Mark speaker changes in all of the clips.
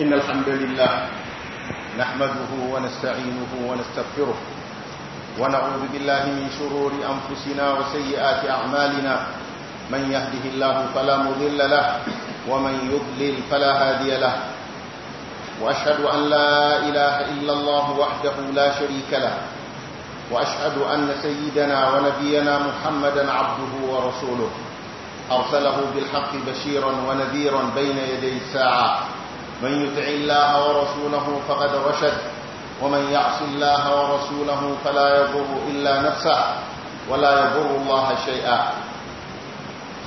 Speaker 1: إن الحمد لله نحمده ونستعينه ونستغفره ونعوذ بالله من شرور أنفسنا وسيئات أعمالنا من يهده الله فلا مضل له ومن يضلل فلا هادي له وأشهد أن لا إله إلا الله وحده لا شريك له وأشهد أن سيدنا ونبينا محمدا عبده ورسوله أرسله بالحق بشيرا ونذيرا بين يدي الساعة من يطع الله ورسوله فقد رشد ومن يعص الله ورسوله فلا يضر إلا نفسه ولا يضر الله شيئا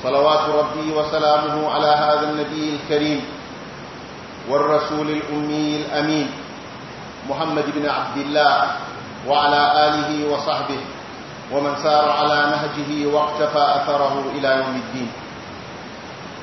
Speaker 1: صلوات ربي وسلامه على هذا النبي الكريم والرسول الأمي الأمين محمد بن عبد الله وعلى آله وصحبه ومن سار على نهجه واقتفى أثره إلى يوم الدين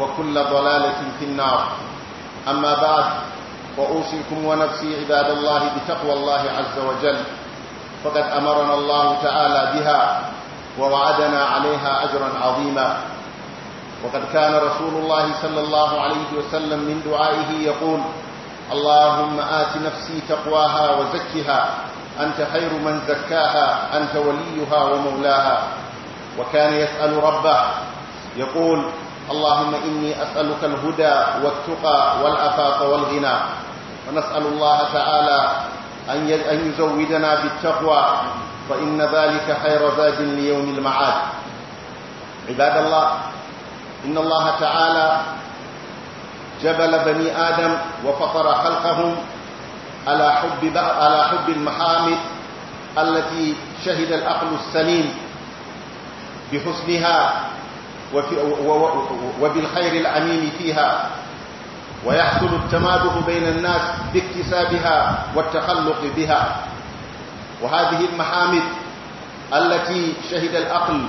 Speaker 1: وكل ضلالة في النار أما بعد وأوصيكم ونفسي عباد الله بتقوى الله عز وجل فقد أمرنا الله تعالى بها ووعدنا عليها أجرا عظيما وقد كان رسول الله صلى الله عليه وسلم من دعائه يقول اللهم آت نفسي تقواها وزكها أنت خير من زكاها أنت وليها ومولاها وكان يسأل ربه يقول اللهم إني أسألك الهدى والتقى والأفاق والغنى ونسأل الله تعالى أن يزودنا بالتقوى فإن ذلك خير زاد ليوم المعاد عباد الله إن الله تعالى جبل بني آدم وفطر خلقهم على حب, على حب المحامد التي شهد العقل السليم بحسنها وفي وبالخير العميم فيها ويحصل التمادح بين الناس باكتسابها والتخلق بها وهذه المحامد التي شهد الأقل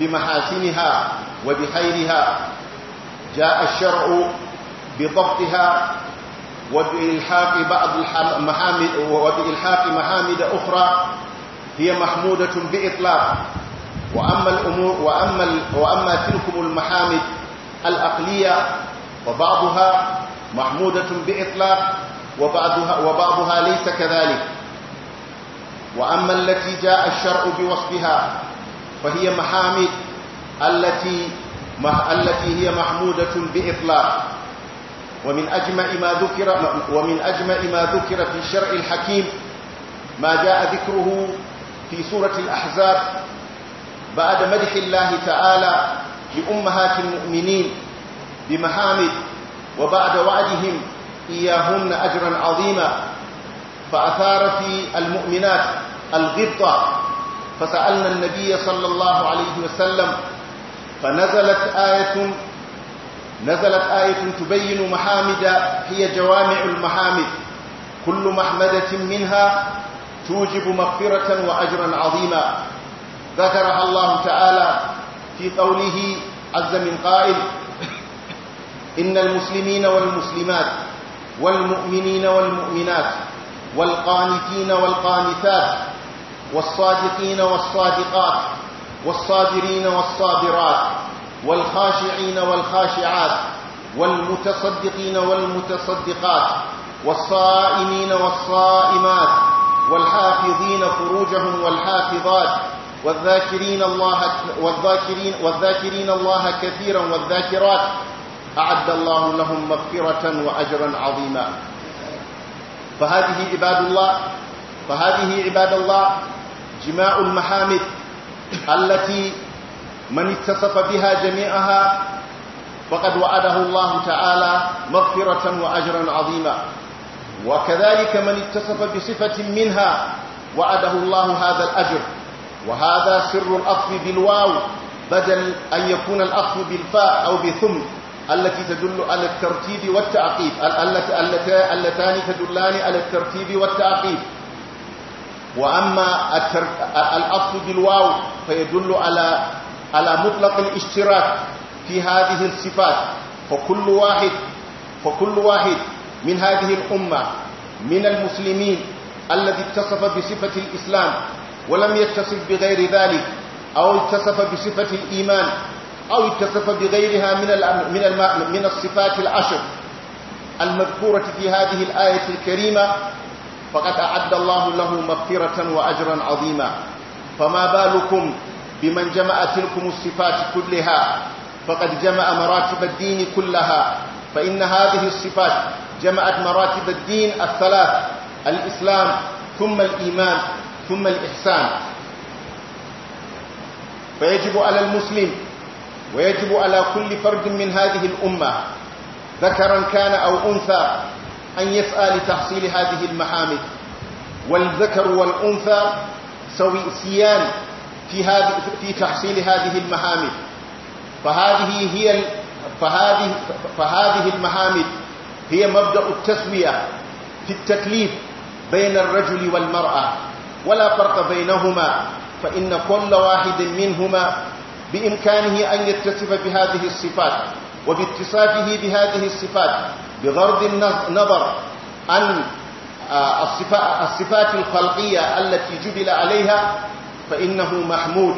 Speaker 1: بمحاسنها وبخيرها جاء الشرع بضبطها وبإلحاق بعض المحامد وبإلحاق محامد أخرى هي محمودة بإطلاق وأما الأمور وأما وأما تلكم المحامد العقلية وبعضها محمودة بإطلاق وبعضها وبعضها ليس كذلك وأما التي جاء الشرع بوصفها فهي محامد التي التي هي محمودة بإطلاق ومن أجمع ما ذكر ومن أجمع ما ذكر في الشرع الحكيم ما جاء ذكره في سورة الأحزاب بعد مدح الله تعالى لأمهات المؤمنين بمحامد وبعد وعدهم إياهن أجرا عظيما فأثار في المؤمنات الغبطة فسألنا النبي صلى الله عليه وسلم فنزلت آية نزلت آية تبين محامد هي جوامع المحامد كل محمدة منها توجب مغفرة وأجرا عظيما ذكرها الله تعالى في قوله عز من قائل إن المسلمين والمسلمات والمؤمنين والمؤمنات والقانتين والقانتات والصادقين والصادقات والصابرين والصابرات والخاشعين والخاشعات والمتصدقين والمتصدقات والصائمين والصائمات والحافظين فروجهم والحافظات والذاكرين الله والذاكرين والذاكرين الله كثيرا والذاكرات أعد الله لهم مغفرة وأجرا عظيما فهذه عباد الله فهذه عباد الله جماع المحامد التي من اتصف بها جميعها فقد وعده الله تعالى مغفرة وأجرا عظيما وكذلك من اتصف بصفة منها وعده الله هذا الأجر وهذا سر الأخذ بالواو بدل أن يكون الأخذ بالفاء أو بثم التي تدل على الترتيب والتعقيب اللتان تدلان على الترتيب والتعقيب وأما الأخذ بالواو فيدل على على مطلق الاشتراك في هذه الصفات فكل واحد فكل واحد من هذه الأمة من المسلمين الذي اتصف بصفة الإسلام ولم يتصف بغير ذلك أو اتصف بصفة الإيمان أو اتصف بغيرها من من من الصفات العشر المذكورة في هذه الآية الكريمة فقد أعد الله له مغفرة وأجرا عظيما فما بالكم بمن جمع تلكم الصفات كلها فقد جمع مراتب الدين كلها فإن هذه الصفات جمعت مراتب الدين الثلاث الإسلام ثم الإيمان ثم الإحسان فيجب على المسلم ويجب على كل فرد من هذه الأمة ذكرا كان أو أنثى أن يسعى لتحصيل هذه المحامد والذكر والأنثى سيان في, هذه في تحصيل هذه المحامد فهذه هي فهذه, فهذه المحامد هي مبدأ التسوية في التكليف بين الرجل والمرأة ولا فرق بينهما فإن كل واحد منهما بإمكانه أن يتصف بهذه الصفات وباتصافه بهذه الصفات بغرض النظر عن آه، الصفات الخلقية التي جبل عليها فإنه محمود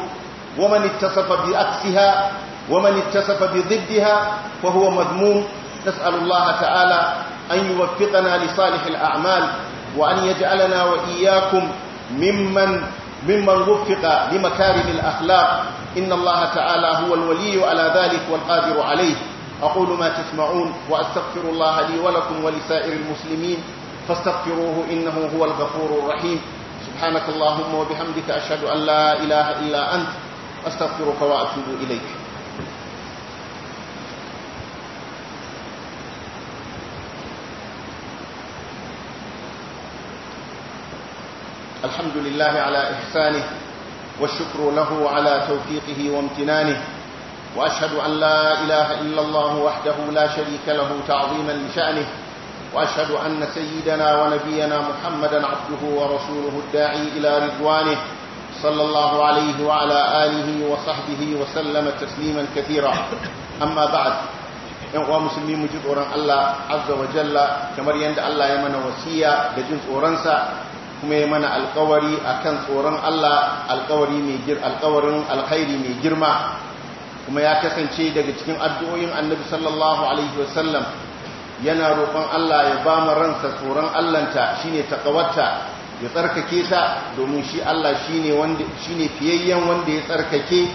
Speaker 1: ومن اتصف بأكسها ومن اتصف بضدها فهو مذموم نسأل الله تعالى أن يوفقنا لصالح الأعمال وأن يجعلنا وإياكم ممن ممن وفق لمكارم الأخلاق إن الله تعالى هو الولي على ذلك والقادر عليه أقول ما تسمعون وأستغفر الله لي ولكم ولسائر المسلمين فاستغفروه إنه هو الغفور الرحيم سبحانك اللهم وبحمدك أشهد أن لا إله إلا أنت أستغفرك وأتوب إليك الحمد لله على إحسانه والشكر له على توفيقه وامتنانه وأشهد أن لا إله إلا الله وحده لا شريك له تعظيما لشأنه وأشهد أن سيدنا ونبينا محمدا عبده ورسوله الداعي إلى رضوانه صلى الله عليه وعلى آله وصحبه وسلم تسليما كثيرا أما بعد إن uwa musulmi مجد ji tsoron Allah azza wa الله يمن وسيا بجنس ya kuma ya mana alkawari kan tsoron Allah alkawari mai gir alkawarin alkhairi mai girma kuma ya kasance daga cikin addu'o'in annabi sallallahu alaihi wasallam yana roƙon Allah ya ba mu ransa tsoron Allahnta shine taqawarta ya tsarkake ta domin shi Allah shine wanda shine fiyayyen wanda ya tsarkake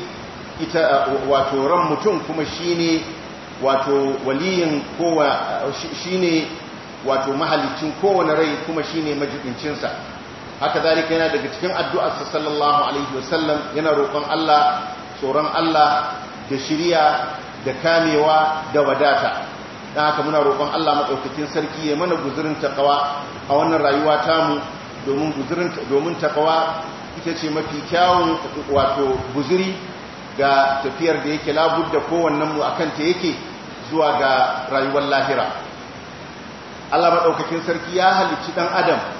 Speaker 1: ita wato ran mutum kuma shine wato waliyin kowa shine wato mahalicin kowane rai kuma shine majibincinsa haka zalika yana daga cikin addu'arsa sallallahu alaihi wasallam yana roƙon Allah tsoron Allah da shiriya da kamewa da wadata dan haka muna roƙon Allah maɗaukacin sarki ya mana guzurin takawa a wannan rayuwa tamu domin guzurin domin takawa ita ce mafi kyawun wato guzuri ga tafiyar da yake da kowannen mu akan ta yake zuwa ga rayuwar lahira Allah madaukakin sarki ya halicci dan adam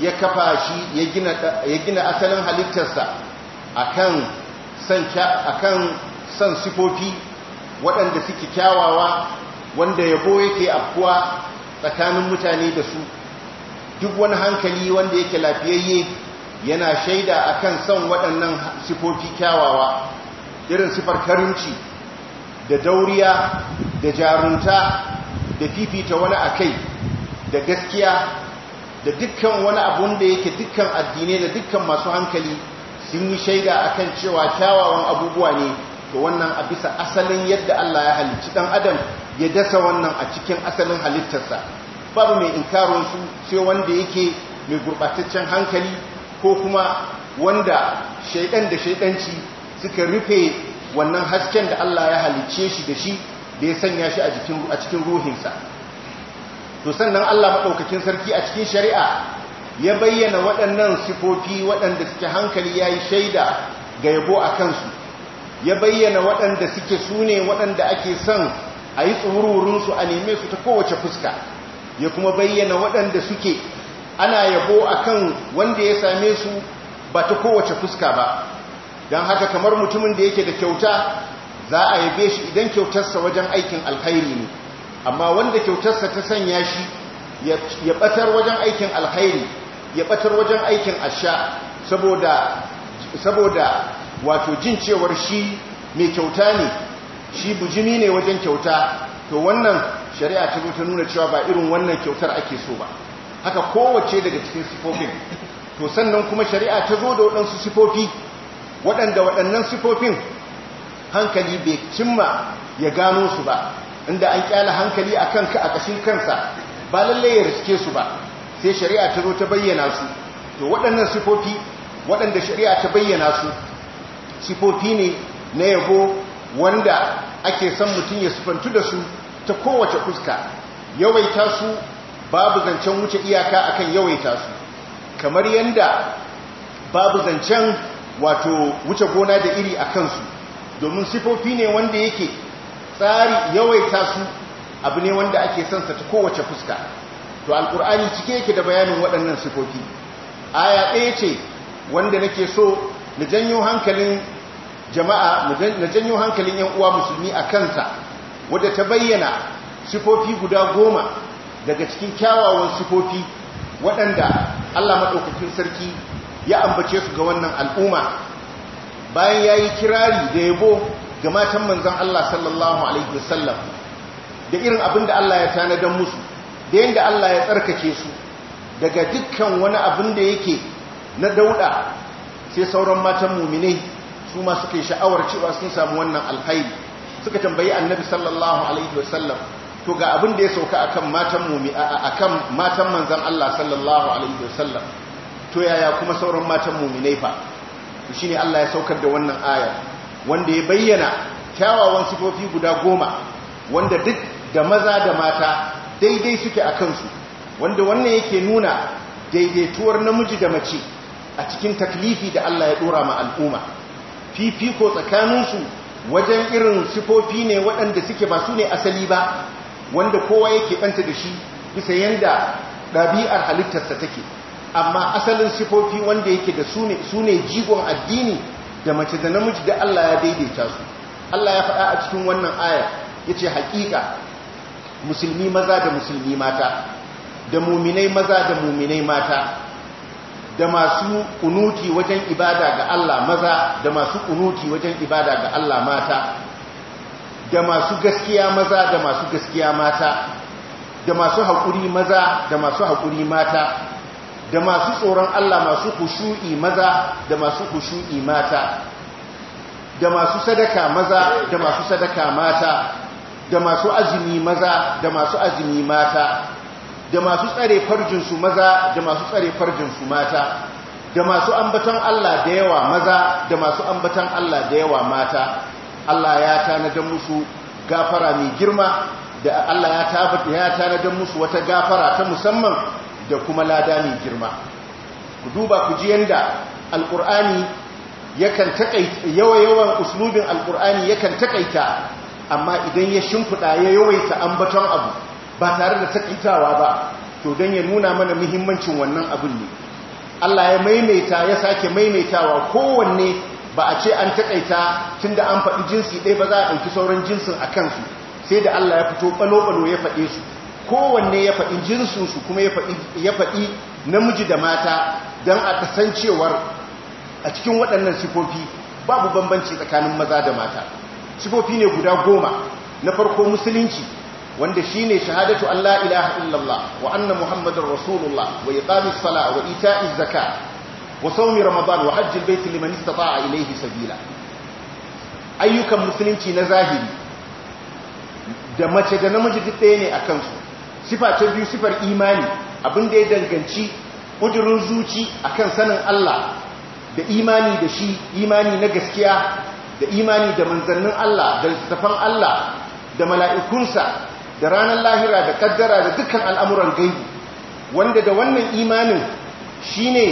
Speaker 1: ya kafa shi ya gina asalin halittarsa akan san sifofi waɗanda suke kyawawa wanda yabo yake afkuwa tsakanin mutane da su duk wani hankali wanda yake lafiyayye yana shaida akan son waɗannan sifofi kyawawa irin sifar karinci da dauriya da jarunta da fifita wani a kai da gaskiya da dukkan wani abun da yake dukkan addinai da dukkan masu hankali sun yi shaida akan cewa kyawawan abubuwa ne to wannan a bisa asalin yadda Allah ya halicci dan adam ya dasa wannan a cikin asalin halittarsa babu mai inkarin su sai wanda yake mai gurbataccen hankali ko kuma wanda shaidan da shaidanci suka rufe wannan hasken da Allah ya halicce shi da shi da ya sanya shi a cikin ruhinsa to sannan Allah maɗaukakin sarki a cikin shari'a ya bayyana waɗannan sifofi waɗanda suke hankali ya yi shaida ga yabo a kansu ya bayyana waɗanda suke sune waɗanda ake son a yi tsururinsu a neme su ta kowace fuska ya kuma bayyana waɗanda suke ana yabo a kan wanda ya same su ba ta kowace fuska ba don haka kamar mutumin da yake da kyauta za a yabe shi idan kyautarsa wajen aikin alkhairi ne amma wanda kyautarsa ta sanya shi ya batar wajen aikin alkhairi ya batar wajen aikin asha saboda saboda wato jin cewar shi mai kyauta ne shi bujimi ne wajen kyauta to wannan shari'a ta ta nuna cewa ba irin wannan kyautar ake so ba haka kowace daga cikin sifofin to sannan kuma shari'a ta zo da waɗansu sifofi waɗanda waɗannan sifofin hankali bai cimma ya gano su ba inda an kyala hankali a kanka a kashin kansa ba lalle ya riske su ba sai shari'a ta zo ta bayyana su to waɗannan sifofi waɗanda shari'a ta bayyana su sifofi ne na yabo wanda ake son mutum ya sufantu da su ta kowace fuska yawaita su babu zancen wuce iyaka akan yawaita su kamar yanda babu zancen wato wuce gona da iri a kansu domin sifofi ne wanda yake tsari yawaita su abu ne wanda ake son sa ta kowace fuska to alkur'ani cike yake da bayanin waɗannan sifofi aya ɗaya ce wanda nake so na janyo hankalin jama'a na janyo hankalin yan uwa musulmi a kansa wadda ta bayyana sifofi guda goma daga cikin kyawawan sifofi waɗanda Allah maɗaukakin sarki ya ambace su ga wannan al'umma bayan ya yi kirari da yabo ga matan manzan Allah sallallahu alaihi wasallam da irin abin da Allah ya tanadan musu da yadda Allah ya tsarkake su daga dukkan wani abin da yake na dauda sai sauran matan muminai su ma suka yi sha'awar cewa sun samu wannan alhaili suka tambayi annabi sallallahu alaihi wasallam to ga abin da ya sauka akan matan mumi matan manzan Allah sallallahu alaihi wasallam to yaya kuma sauran matan muminai fa shine Allah ya saukar da wannan ayar. wanda ya bayyana kyawawan sifofi guda goma wanda duk da maza da mata daidai suke a kansu wanda wannan yake nuna daidaituwar namiji da mace a cikin taklifi da Allah ya dora ma al'umma fifiko tsakaninsu wajen irin sifofi ne waɗanda suke ba su ne asali ba wanda kowa yake ɓanta da shi bisa yanda ɗabi'ar halittarsa take amma asalin sifofi wanda yake da su ne jigon addini da mace da namiji da Allah ya daidaita su Allah ya faɗa a cikin wannan aya ce haƙiƙa musulmi maza da musulmi mata da muminai maza da muminai mata da masu kunuti wajen ibada ga Allah maza da masu kunuti wajen ibada ga Allah mata da masu gaskiya maza da masu gaskiya mata da masu haƙuri maza da masu haƙuri mata da masu tsoron Allah masu kushu'i maza da masu kushu'i mata da masu sadaka maza da masu sadaka mata da masu azumi maza da masu azumi mata da masu tsare farjin su maza da masu tsare farjin su mata da masu ambatan Allah da yawa maza da masu ambaton Allah da yawa mata Allah ya tanadan musu gafara mai girma da Allah ya tanadan musu wata gafara ta musamman da kuma lada mai girma ku duba ku ji yanda alkur'ani yakan takaita yawa-yawan uslubin alkur'ani yakan takaita amma idan ya shimfiɗa ya yawaita ambaton abu ba tare da takaitawa ba to don ya nuna mana muhimmancin wannan abun ne Allah ya maimaita ya sake maimaitawa kowanne ba a ce an takaita tunda an faɗi jinsi ɗaya ba za a ɗauki sauran jinsin a kansu sai da Allah ya fito ɓalo-ɓalo ya faɗe su kowanne ya faɗi jinsunsu kuma ya faɗi namiji da mata don a kasancewar a cikin waɗannan sifofi babu bambanci tsakanin maza da mata sifofi ne guda goma na farko musulunci wanda shi ne shahadatu an la ilaha illallah wa anna muhammadin rasulullah wa iqamis sala wa ita'iz zaka wa saumi ramadan wa hajjil baiti liman istata'a ilayhi sabila ayyukan musulunci na zahiri da mace da namiji duk ɗaya ne a kansu sifa ta biyu sifar imani abin da ya danganci ƙudurin zuci a kan sanin Allah da imani da shi imani na gaskiya da imani da manzannin Allah da littattafan Allah da mala'ikunsa da ranar lahira da ƙaddara, da dukkan al'amuran gaibi wanda da wannan imanin shi ne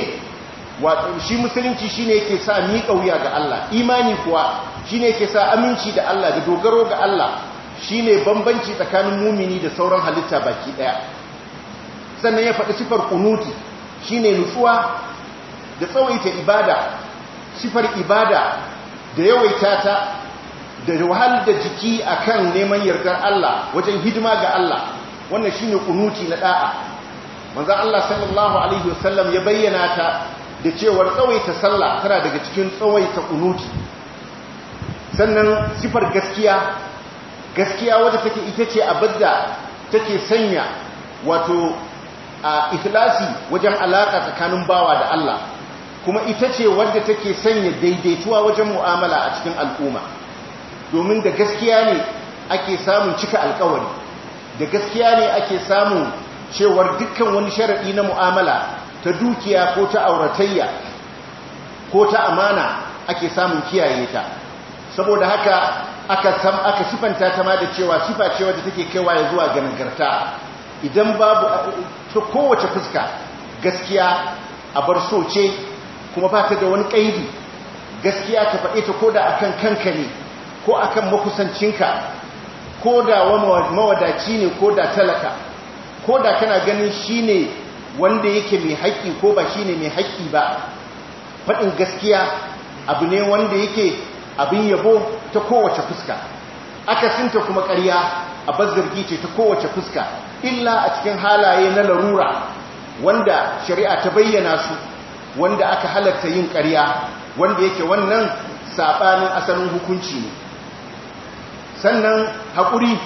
Speaker 1: shi musulunci shi ne yake sa miƙa wuya ga Allah imani kuwa shi ne yake sa aminci da Allah da dogaro ga Allah shine bambanci tsakanin mumini da sauran halitta baki daya sannan ya faɗi sifar kunuti shine nutsuwa da tsawaita ibada sifar ibada da yawaita ta da wahal da jiki kan neman yardar Allah wajen hidima ga Allah wannan shine kunuti na ɗa'a. Wanzan Allah sallallahu alaihi wasallam ya bayyana ta da cewar tsawaita sallah tana daga cikin tsawaita kunuti sannan sifar gaskiya gaskiya wadda take ita ce abinda take sanya wato a ikhlasi wajen alaƙa tsakanin bawa da Allah kuma ita ce wadda take sanya daidaituwa wajen mu'amala a cikin al'umma domin da gaskiya ne ake samun cika alkawari da gaskiya ne ake samun cewar dukkan wani sharaɗi na mu'amala ta dukiya ko ta auratayya ko ta amana ake samun kiyaye ta saboda haka aka sifanta ta ma da cewa sifa ce wadda take kaiwa ya zuwa ga idan babu ta kowace fuska gaskiya a bar so ce kuma ba ta da wani ƙaidi gaskiya ka faɗe ta koda akan kanka ne ko akan makusancinka ko da mawadaci ne ko da talaka ko da kana ganin shi ne wanda yake mai haƙƙi ko ba shi ne mai haƙƙi ba faɗin gaskiya abu ne wanda yake abin yabo ta kowace fuska akasinta kuma ƙarya a bazzargi ce ta kowace fuska illa a cikin halaye na larura wanda shari'a ta bayyana su wanda aka halatta yin ƙarya wanda yake wannan saɓanin asalin hukunci ne sannan haƙuri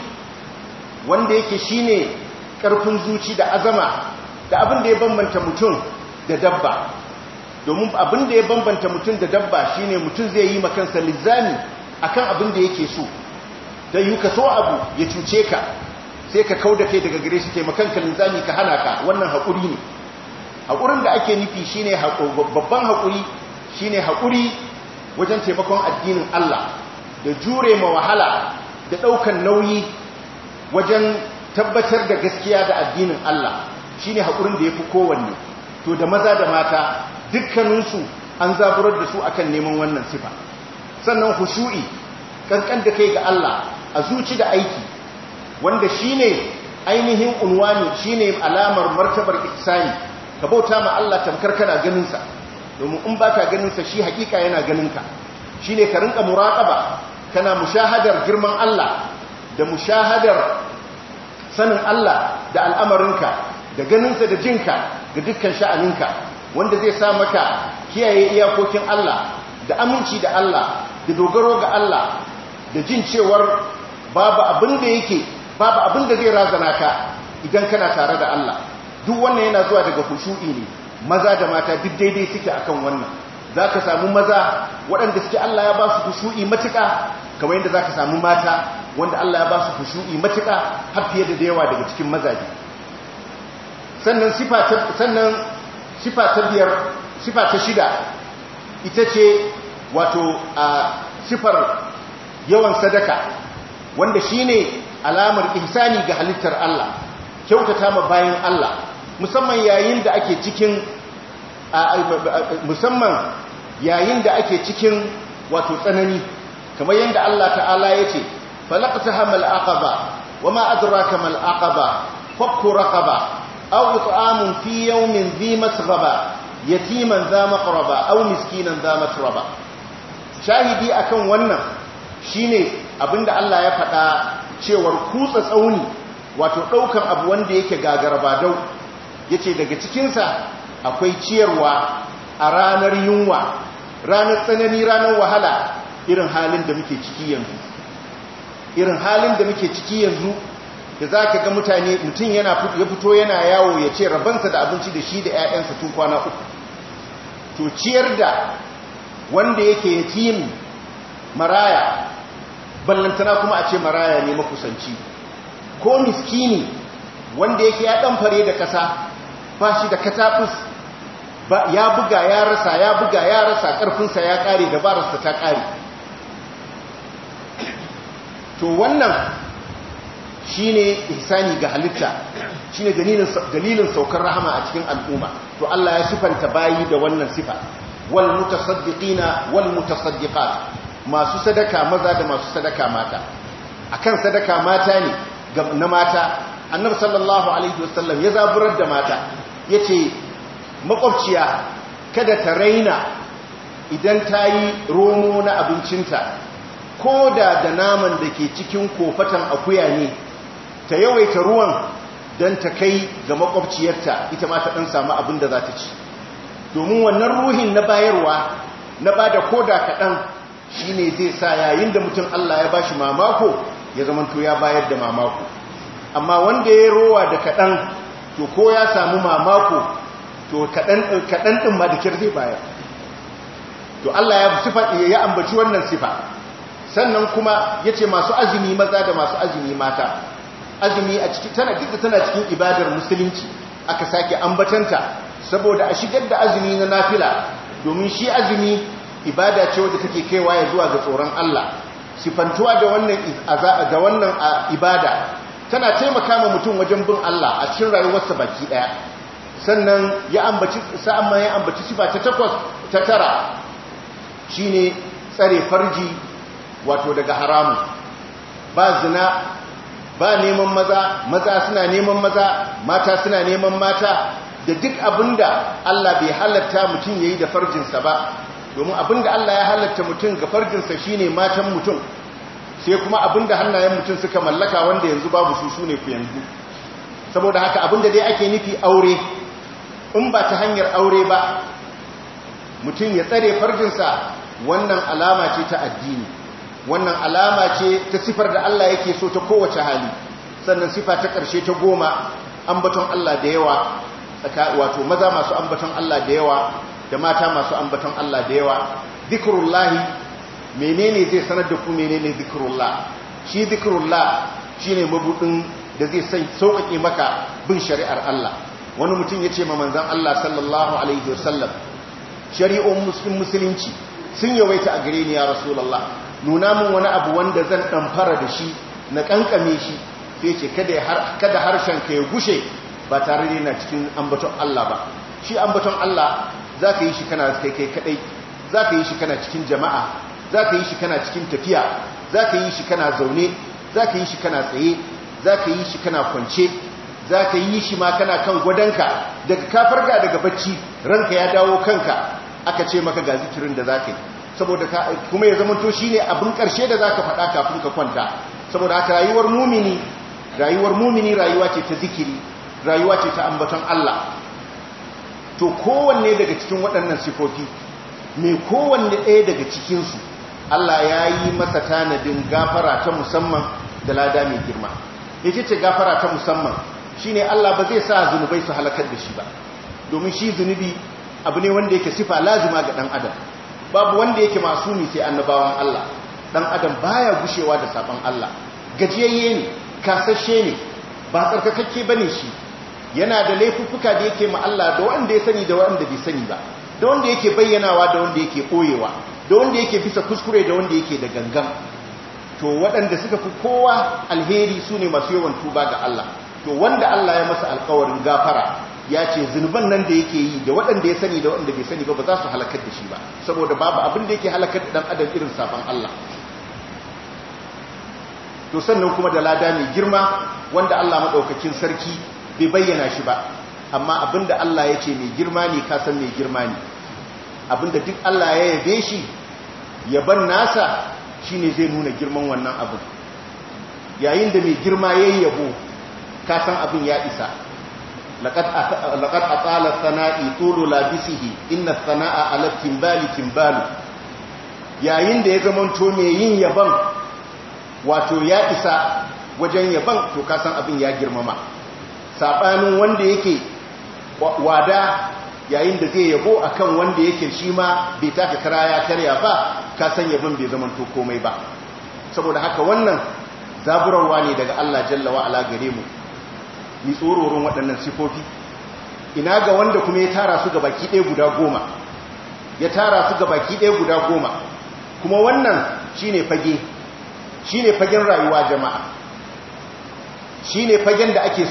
Speaker 1: wanda yake ne ƙarfin zuci da azama da abin da ya bambanta mutum da dabba domin abin da ya bambanta mutum da dabba shine mutum zai yi makansa a akan abin da yake so dan yi ka so abu ya cuce ka sai ka da kai daga gare shi taimakan ka linzami ka hana ka wannan haƙuri ne haƙurin da ake nufi shine babban haƙuri shine haƙuri wajen taimakon addinin Allah da jure ma wahala da ɗaukan nauyi wajen tabbatar da gaskiya da addinin Allah shine haƙurin da ya fi kowanne to da maza da mata dukkaninsu an zaburar da su akan neman wannan sifa sannan hushu'i kankan da kai ga Allah a zuci da aiki wanda shine ainihin unwani shine alamar martabar ihsani ka bauta ma Allah tamkar kana ganinsa sa domin in baka ganin sa shi hakika yana ganinka ka shine ka rinka muraqaba kana mushahadar girman Allah da mushahadar sanin Allah da al'amarinka da ganinsa da jinka da dukkan sha'aninka wanda zai sa maka kiyaye iyakokin Allah da aminci da Allah da dogaro ga Allah da jin cewar babu abin da yake babu abin da zai razana ka idan kana tare da Allah duk wannan yana zuwa daga khushu'i ne maza da mata duk daidai suke akan wannan zaka samu maza waɗanda suke Allah ya ba su khushu'i matuƙa kamar yadda zaka samu mata wanda Allah ya ba su khushu'i matuƙa har fiye da yawa daga cikin mazaje sannan sifa sannan sifa ta shida ita ce wato a sifar yawan sadaka wanda shi ne alamar ihsani ga halittar Allah kyautata ma bayan Allah musamman yayin da ake cikin musamman yayin da ake cikin wato tsanani kamar yadda Allah ta'ala ya ce falaqtaha mal aqaba wama adraka mal aqaba fakku raqaba أو إطعام في يوم ذي مسغبة يتيما ذا مقربة أو مسكينا ذا متربة شاهدي أكن ونن shine abinda Allah ya faɗa cewar kutsa tsauni wato ɗaukan abu wanda yake gagaraba Ya ce daga cikinsa akwai ciyarwa a ranar yunwa ranar tsanani ranar wahala irin halin da muke ciki yanzu da za ka ga mutane mutum ya fito yana yawo ya ce rabansa da abinci da shi da 'ya'yansa tun kwana uku to ciyar da wanda yake yatim maraya ballantana kuma a ce maraya ne makusanci ko miskini wanda yake ya fare da kasa ba shi da katafis ya buga ya rasa ya buga ya rasa ƙarfinsa ya ƙare dabararsa ta ƙare to wannan shine ihsani ga halitta shine dalilin dalilin saukar rahama a cikin al'umma to Allah ya sifanta bayi da wannan sifa wal mutasaddiqina wal mutasaddiqat masu sadaka maza da masu sadaka mata akan sadaka mata ne na mata annabi sallallahu alaihi wasallam ya zaburar da mata yace makwabciya kada ta raina idan ta yi romo na abincinta ko da da naman da ke cikin kofatan akuya ne ta yawaita ruwan don ta kai ga makwabciyarta ita ma ta ɗan samu abin da za ta ci domin wannan ruhin na bayarwa na ba da koda kaɗan shi ne zai sa yayin da mutum Allah ya ba shi mamako ya zamanto ya bayar da mamako amma wanda ya rowa da kaɗan to ko ya samu mamako to kaɗan ɗin ma zai bayar to Allah ya sifa ya ambaci wannan sifa sannan kuma ya ce masu azumi maza da masu azumi mata azumi a ciki tana duk tana cikin ibadar musulunci aka sake ambatanta saboda a shigar da azumi na nafila domin shi azumi ibada ce wadda take kaiwa ya zuwa ga tsoron Allah sifantuwa da wannan da wannan ibada tana taimaka ma mutum wajen bin Allah a cikin rayuwarsa baki daya sannan ya ambaci ya ambaci sifa ta takwas ta tara shine tsare farji wato daga haramu ba zina ba neman maza maza suna neman maza mata suna neman mata da duk abinda Allah bai halatta mutum yayi da farjinsa ba domin abinda Allah ya halatta mutum ga farjinsa shine matan mutum sai kuma abinda hannayen mutum suka mallaka wanda yanzu babu su su ne ku yanzu saboda haka abinda dai ake nufi aure in ba ta hanyar aure ba mutum ya tsare farjinsa wannan alama ce ta addini wannan alama ce ta sifar da Allah yake so ta kowace hali sannan sifa ta ƙarshe ta goma ambaton Allah da yawa wato maza masu ambaton Allah da yawa da mata masu ambaton Allah da yawa zikrullahi menene zai sanar da ku menene zikrullah shi zikrullah shine mabudin da zai san sauƙaƙe maka bin shari'ar Allah wani mutum ya ce ma manzon Allah sallallahu alaihi wasallam shari'un musulunci sun yawaita a gare ni ya rasulullah nuna min wani abu wanda zan ɗamfara da shi na ƙanƙame shi sai ce kada harshen ka ya gushe ba tare da yana cikin ambaton Allah ba shi ambaton Allah za ka yi shi kana kai kai kaɗai za ka yi shi kana cikin jama'a za ka yi shi kana cikin tafiya za ka yi shi kana zaune za ka yi shi kana tsaye za ka yi shi kana kwance za ka yi shi ma kana kan gwadonka daga kafarga daga bacci ranka ya dawo kanka aka ce maka ga zikirin da za ka yi saboda ka kuma ya zamanto shine abin karshe da ka faɗa kafin ka kwanta saboda haka rayuwar mumini rayuwar mumini rayuwa ce ta zikiri rayuwa ce ta ambaton Allah to kowanne daga cikin waɗannan sifofi mai kowanne ɗaya daga cikin su Allah ya yi masa tanadin gafara ta musamman da lada mai girma yace ce gafara ta musamman shine Allah ba zai sa zunubai su halakar da shi ba domin shi zunubi abu ne wanda yake sifa lazima ga ɗan adam babu wanda yake masumi sai annabawan Allah dan adam baya gushewa da sabon Allah gajiyayye ne kasashe ne ba tsarkakakke bane shi yana da laifuffuka da yake ma Allah da wanda ya sani da wanda bai sani ba da wanda yake bayyanawa da wanda yake koyewa da wanda yake bisa kuskure da wanda yake da gangan to waɗanda suka fi kowa alheri su ne masu yawan tuba ga Allah to wanda Allah ya masa alƙawarin gafara ya ce zunuban nan da yake yi da waɗanda ya sani da waɗanda bai sani ba ba za su halakar da shi ba saboda babu abin da yake halakar da ɗan adam irin sabon Allah to sannan kuma da lada mai girma wanda Allah maɗaukakin sarki bai bayyana shi ba amma abin da Allah ya ce mai girma ne kasan mai girma ne abin da duk Allah ya yabe shi yaban nasa shi ne zai nuna girman wannan abin yayin da mai girma ya yi yabo kasan abin ya isa laqad atala sana'i tulu labisihi inna sana'a ala timbali timbalu yayin da ya zamanto mai yin yaban wato ya isa wajen yaban to kasan abin ya girmama saɓanin wanda yake wada yayin da zai yabo akan wanda yake shi ma bai taka kara ya karya ba kasan yaban bai zamanto komai ba saboda haka wannan zaburarwa ne daga Allah Jallawa wa gare mu Ni tsororon waɗannan sifofi ina ga wanda kuma ya tara su ga baki ɗaya guda goma ya tara su ga baki ɗaya guda goma kuma wannan shine fage shine fagen rayuwa jama'a shine fagen da ake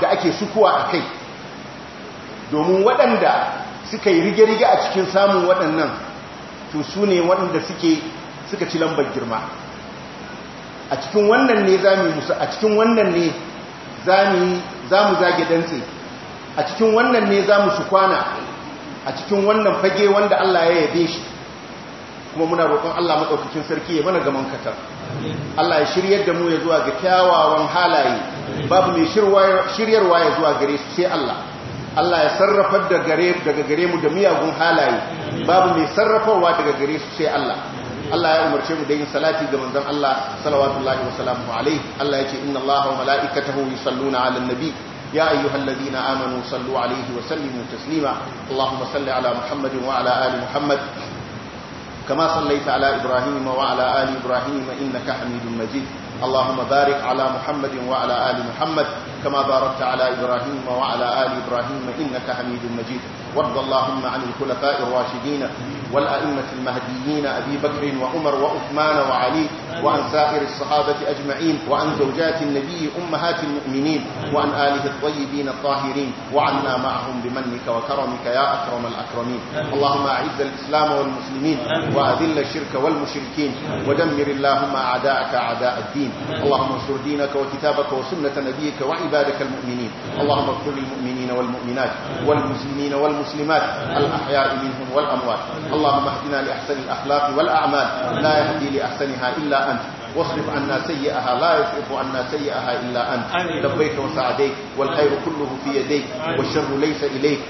Speaker 1: da ake sukuwa a kai domin waɗanda suka yi rige-rige a cikin samun waɗannan to su ne waɗanda suke suka ci lambar girma a cikin wannan ne za mu musu a cikin wannan ne za mu zage dantse a cikin wannan ne za mu su kwana a cikin wannan fage wanda Allah ya yabe shi kuma muna roƙon Allah maɗaukakin sarki ya mana gaman katar Allah ya shiryar da mu ya zuwa ga kyawawan halaye babu mai shiryarwa ya zuwa gare su sai Allah Allah ya sarrafa daga gare mu da miyagun halaye babu mai sarrafawa daga gare su sai Allah Allah ya umarci mu da yin salati ga manzon Allah sallallahu wasallam alaihi Allah yace inna Allah wa malaikatahu yusalluna ala nabi ya ayyuhalladhina amanu sallu alaihi wa sallimu taslima Allahumma salli ala Muhammad wa ala ali Muhammad kama sallaita ala Ibrahim wa ala ali Ibrahim innaka Hamidum Majid Allahumma barik ala Muhammad wa ala ali Muhammad كما باركت على إبراهيم وعلى آل إبراهيم إنك حميد مجيد وارض اللهم عن الخلفاء الراشدين والأئمة المهديين أبي بكر وعمر وعثمان وعلي وعن سائر الصحابة أجمعين وعن زوجات النبي أمهات المؤمنين وعن آله الطيبين الطاهرين وعنا معهم بمنك وكرمك يا أكرم الأكرمين اللهم أعز الإسلام والمسلمين وأذل الشرك والمشركين ودمر اللهم أعداءك أعداء الدين اللهم انصر دينك وكتابك وسنة نبيك وعبادك عبادك المؤمنين اللهم اغفر للمؤمنين والمؤمنات والمسلمين والمسلمات الأحياء منهم والأموات اللهم اهدنا لأحسن الأخلاق والأعمال لا يهدي لأحسنها إلا أنت واصرف عنا سيئها لا يصرف عنا سيئها إلا أنت لبيك وسعديك والخير كله في يديك والشر ليس إليك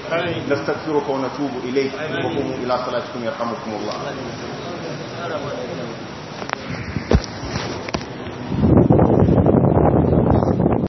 Speaker 1: نستغفرك ونتوب إليك وقوموا إلى صلاتكم يرحمكم الله